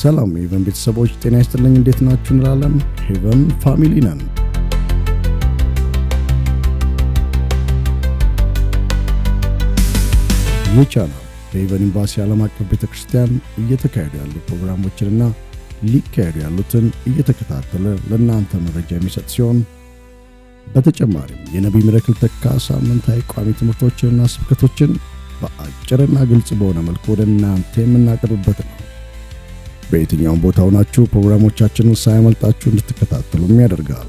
ሰላም ሄቨን ቤተሰቦች ጤና ይስጥልኝ። እንዴት ናችሁ እንላለን። ሄቨን ፋሚሊ ነን። ይህ ቻናል በሄቨን ኤምባሲ ዓለም አቀፍ ቤተ ክርስቲያን እየተካሄዱ ያሉ ፕሮግራሞችንና ሊካሄዱ ያሉትን እየተከታተለ ለእናንተ መረጃ የሚሰጥ ሲሆን በተጨማሪም የነቢይ ምረክል ተካ ሳምንታዊ ቋሚ ትምህርቶችንና ስብከቶችን በአጭርና ግልጽ በሆነ መልኩ ወደ እናንተ የምናቀርብበት ነው። በየትኛውም ቦታ ሆናችሁ ፕሮግራሞቻችንን ሳያመልጣችሁ እንድትከታተሉም ያደርጋል።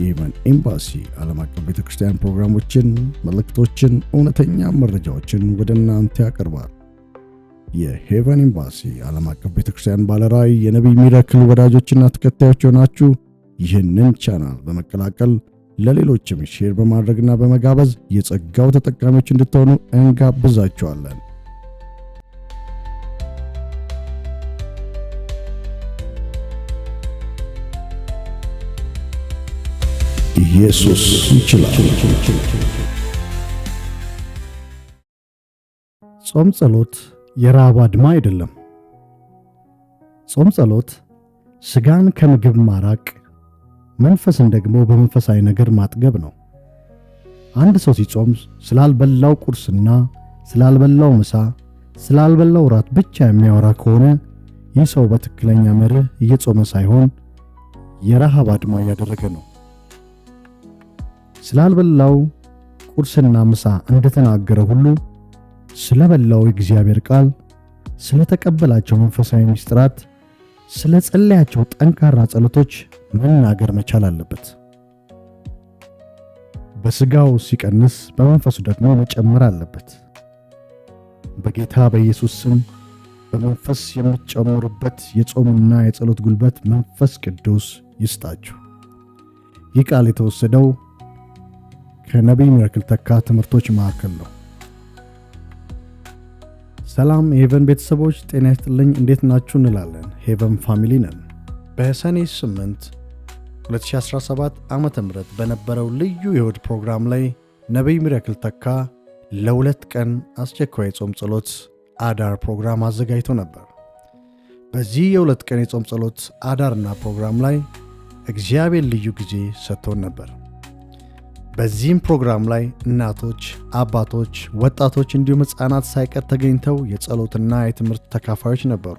የየመን ኤምባሲ ዓለም አቀፍ ቤተ ክርስቲያን ፕሮግራሞችን፣ መልእክቶችን፣ እውነተኛ መረጃዎችን ወደ እናንተ ያቀርባል። የሄቨን ኤምባሲ ዓለም አቀፍ ቤተ ክርስቲያን ባለራእይ የነቢይ ሚራክል ወዳጆችና ተከታዮች የሆናችሁ ይህንን ቻናል በመቀላቀል ለሌሎችም ሼር በማድረግና በመጋበዝ የጸጋው ተጠቃሚዎች እንድትሆኑ እንጋብዛችኋለን። ኢየሱስ ይችላል። ጾም ጸሎት የራብ አድማ አይደለም። ጾም ጸሎት ስጋን ከምግብ ማራቅ፣ መንፈስን ደግሞ በመንፈሳዊ ነገር ማጥገብ ነው። አንድ ሰው ሲጾም ስላልበላው ቁርስና ስላልበላው ምሳ፣ ስላልበላው ራት ብቻ የሚያወራ ከሆነ ይህ ሰው በትክክለኛ መርህ እየጾመ ሳይሆን የረሃብ አድማ እያደረገ ነው። ስላልበላው ቁርስና ምሳ እንደተናገረ ሁሉ ስለበላው የእግዚአብሔር ቃል፣ ስለተቀበላቸው መንፈሳዊ ምስጢራት፣ ስለ ጸለያቸው ጠንካራ ጸሎቶች መናገር መቻል አለበት። በስጋው ሲቀንስ በመንፈሱ ደግሞ መጨመር አለበት። በጌታ በኢየሱስ ስም በመንፈስ የምትጨምሩበት የጾምና የጸሎት ጉልበት መንፈስ ቅዱስ ይስጣችሁ። ይህ ቃል የተወሰደው ከነቢይ ሚራክል ተካ ትምህርቶች መካከል ነው። ሰላም የሄቨን ቤተሰቦች ጤና ይስጥልኝ። እንዴት ናችሁ እንላለን። ሄቨን ፋሚሊ ነን። በሰኔ 8 2017 ዓ ም በነበረው ልዩ የእሁድ ፕሮግራም ላይ ነቢይ ሚራክል ተካ ለሁለት ቀን አስቸኳይ የጾም ጸሎት አዳር ፕሮግራም አዘጋጅቶ ነበር። በዚህ የሁለት ቀን የጾም ጸሎት አዳርና ፕሮግራም ላይ እግዚአብሔር ልዩ ጊዜ ሰጥቶን ነበር። በዚህም ፕሮግራም ላይ እናቶች፣ አባቶች፣ ወጣቶች እንዲሁም ሕፃናት ሳይቀር ተገኝተው የጸሎትና የትምህርት ተካፋዮች ነበሩ።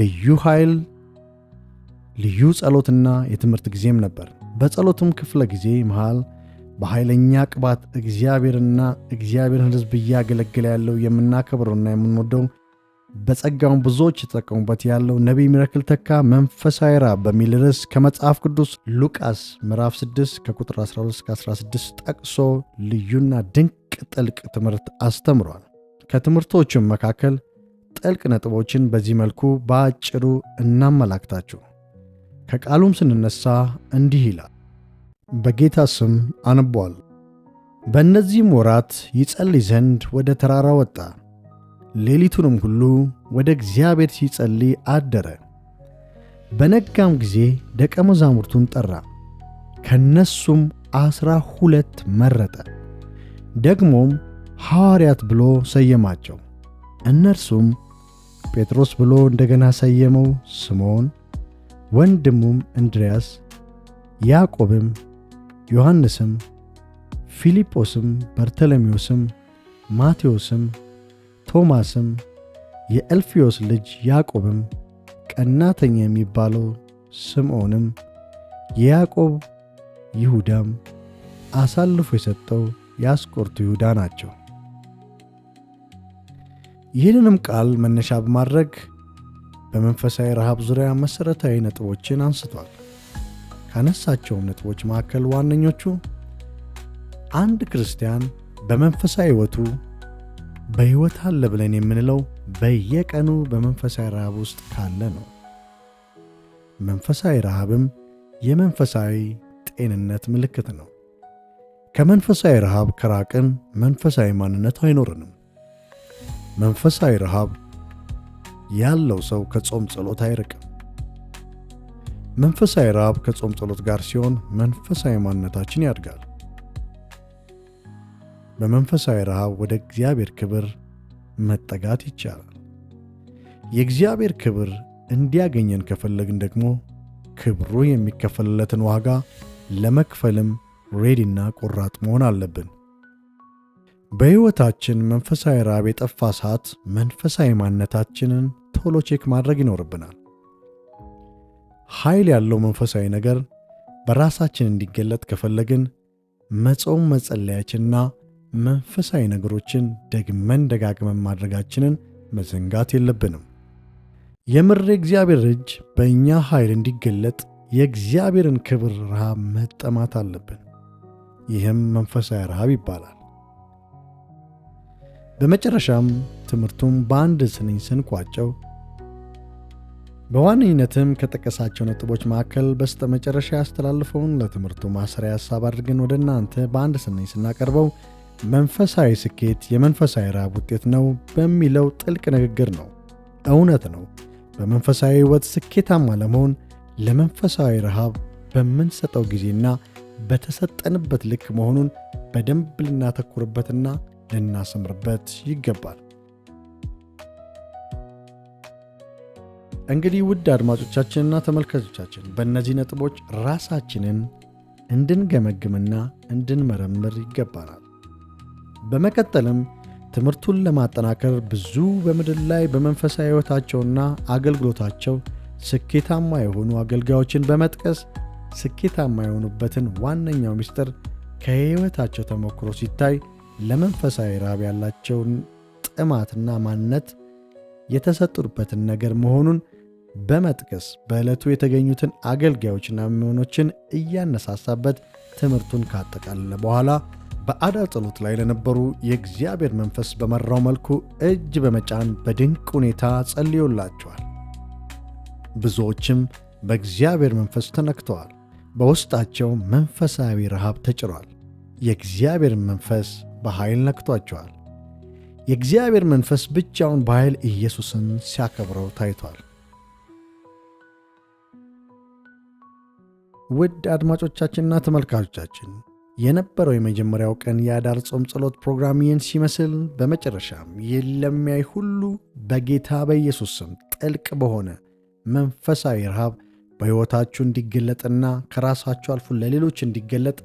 ልዩ ኃይል፣ ልዩ ጸሎትና የትምህርት ጊዜም ነበር። በጸሎትም ክፍለ ጊዜ መሃል በኃይለኛ ቅባት እግዚአብሔርና እግዚአብሔርን ሕዝብ እያገለገለ ያለው የምናከብረውና የምንወደው በጸጋውን ብዙዎች የተጠቀሙበት ያለው ነቢይ ሚራክል ተካ መንፈሳዊ ራብ በሚል ርዕስ ከመጽሐፍ ቅዱስ ሉቃስ ምዕራፍ 6 ከቁጥር 12-16 ጠቅሶ ልዩና ድንቅ ጥልቅ ትምህርት አስተምሯል። ከትምህርቶቹም መካከል ጥልቅ ነጥቦችን በዚህ መልኩ በአጭሩ እናመላክታችሁ። ከቃሉም ስንነሳ እንዲህ ይላል። በጌታ ስም አነቧል። በእነዚህም ወራት ይጸልይ ዘንድ ወደ ተራራ ወጣ ሌሊቱንም ሁሉ ወደ እግዚአብሔር ሲጸልይ አደረ። በነጋም ጊዜ ደቀ መዛሙርቱን ጠራ፣ ከነሱም ዐሥራ ሁለት መረጠ፣ ደግሞም ሐዋርያት ብሎ ሰየማቸው። እነርሱም ጴጥሮስ ብሎ እንደገና ሰየመው፣ ስምዖን፣ ወንድሙም እንድርያስ፣ ያዕቆብም፣ ዮሐንስም፣ ፊልጶስም፣ በርተሎሜዎስም፣ ማቴዎስም ቶማስም የኤልፊዮስ ልጅ ያዕቆብም ቀናተኛ የሚባለው ስምዖንም የያዕቆብ ይሁዳም አሳልፎ የሰጠው የአስቆርቱ ይሁዳ ናቸው። ይህንንም ቃል መነሻ በማድረግ በመንፈሳዊ ረሃብ ዙሪያ መሠረታዊ ነጥቦችን አንስቷል። ካነሳቸውም ነጥቦች መካከል ዋነኞቹ አንድ ክርስቲያን በመንፈሳዊ ሕይወቱ በሕይወት አለ ብለን የምንለው በየቀኑ በመንፈሳዊ ረሃብ ውስጥ ካለ ነው። መንፈሳዊ ረሃብም የመንፈሳዊ ጤንነት ምልክት ነው። ከመንፈሳዊ ረሃብ ከራቅን መንፈሳዊ ማንነት አይኖርንም። መንፈሳዊ ረሃብ ያለው ሰው ከጾም ጸሎት አይርቅም። መንፈሳዊ ረሃብ ከጾም ጸሎት ጋር ሲሆን መንፈሳዊ ማንነታችን ያድጋል። በመንፈሳዊ ረሃብ ወደ እግዚአብሔር ክብር መጠጋት ይቻላል። የእግዚአብሔር ክብር እንዲያገኘን ከፈለግን ደግሞ ክብሩ የሚከፈልለትን ዋጋ ለመክፈልም ሬዲና ቆራጥ መሆን አለብን። በሕይወታችን መንፈሳዊ ረሃብ የጠፋ ሰዓት መንፈሳዊ ማንነታችንን ቶሎ ቼክ ማድረግ ይኖርብናል። ኃይል ያለው መንፈሳዊ ነገር በራሳችን እንዲገለጥ ከፈለግን መጾም መጸለያችንና መንፈሳዊ ነገሮችን ደግመን ደጋግመን ማድረጋችንን መዘንጋት የለብንም። የምር የእግዚአብሔር እጅ በእኛ ኃይል እንዲገለጥ የእግዚአብሔርን ክብር ረሃብ መጠማት አለብን። ይህም መንፈሳዊ ረሃብ ይባላል። በመጨረሻም ትምህርቱም በአንድ ስንኝ ስንቋጨው በዋነኝነትም ከጠቀሳቸው ነጥቦች መካከል በስተመጨረሻ ያስተላልፈውን ለትምህርቱ ማሰሪያ ሀሳብ አድርገን ወደ እናንተ በአንድ ስንኝ ስናቀርበው መንፈሳዊ ስኬት የመንፈሳዊ ረሃብ ውጤት ነው በሚለው ጥልቅ ንግግር ነው። እውነት ነው። በመንፈሳዊ ሕይወት ስኬታማ ለመሆን ለመንፈሳዊ ረሃብ በምንሰጠው ጊዜና በተሰጠንበት ልክ መሆኑን በደንብ ልናተኩርበትና ልናሰምርበት ይገባል። እንግዲህ ውድ አድማጮቻችንና ተመልካቾቻችን በእነዚህ ነጥቦች ራሳችንን እንድንገመግምና እንድንመረምር ይገባናል። በመቀጠልም ትምህርቱን ለማጠናከር ብዙ በምድር ላይ በመንፈሳዊ ሕይወታቸውና አገልግሎታቸው ስኬታማ የሆኑ አገልጋዮችን በመጥቀስ ስኬታማ የሆኑበትን ዋነኛው ምስጢር ከሕይወታቸው ተሞክሮ ሲታይ ለመንፈሳዊ ራብ ያላቸውን ጥማትና ማንነት የተሰጡበትን ነገር መሆኑን በመጥቀስ በዕለቱ የተገኙትን አገልጋዮችና ምዕመኖችን እያነሳሳበት ትምህርቱን ካጠቃለለ በኋላ በአዳር ጸሎት ላይ ለነበሩ የእግዚአብሔር መንፈስ በመራው መልኩ እጅ በመጫን በድንቅ ሁኔታ ጸልዮላቸዋል። ብዙዎችም በእግዚአብሔር መንፈስ ተነክተዋል። በውስጣቸው መንፈሳዊ ረሃብ ተጭሯል። የእግዚአብሔር መንፈስ በኃይል ነክቷቸዋል። የእግዚአብሔር መንፈስ ብቻውን በኃይል ኢየሱስን ሲያከብረው ታይቷል። ውድ አድማጮቻችንና ተመልካቾቻችን የነበረው የመጀመሪያው ቀን የአዳር ጾም ጸሎት ፕሮግራም ይህን ሲመስል፣ በመጨረሻም ይህን ለሚያይ ሁሉ በጌታ በኢየሱስ ስም ጥልቅ በሆነ መንፈሳዊ ረሃብ በሕይወታችሁ እንዲገለጥና ከራሳችሁ አልፎ ለሌሎች እንዲገለጥ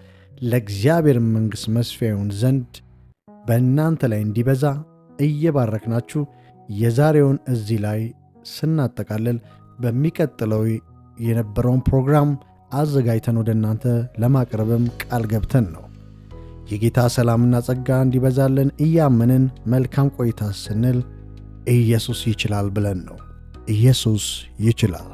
ለእግዚአብሔር መንግሥት መስፊያ ይሆን ዘንድ በእናንተ ላይ እንዲበዛ እየባረክናችሁ የዛሬውን እዚህ ላይ ስናጠቃልል በሚቀጥለው የነበረውን ፕሮግራም አዘጋጅተን ወደ እናንተ ለማቅረብም ቃል ገብተን ነው። የጌታ ሰላምና ጸጋ እንዲበዛልን እያመንን መልካም ቆይታ ስንል ኢየሱስ ይችላል ብለን ነው። ኢየሱስ ይችላል።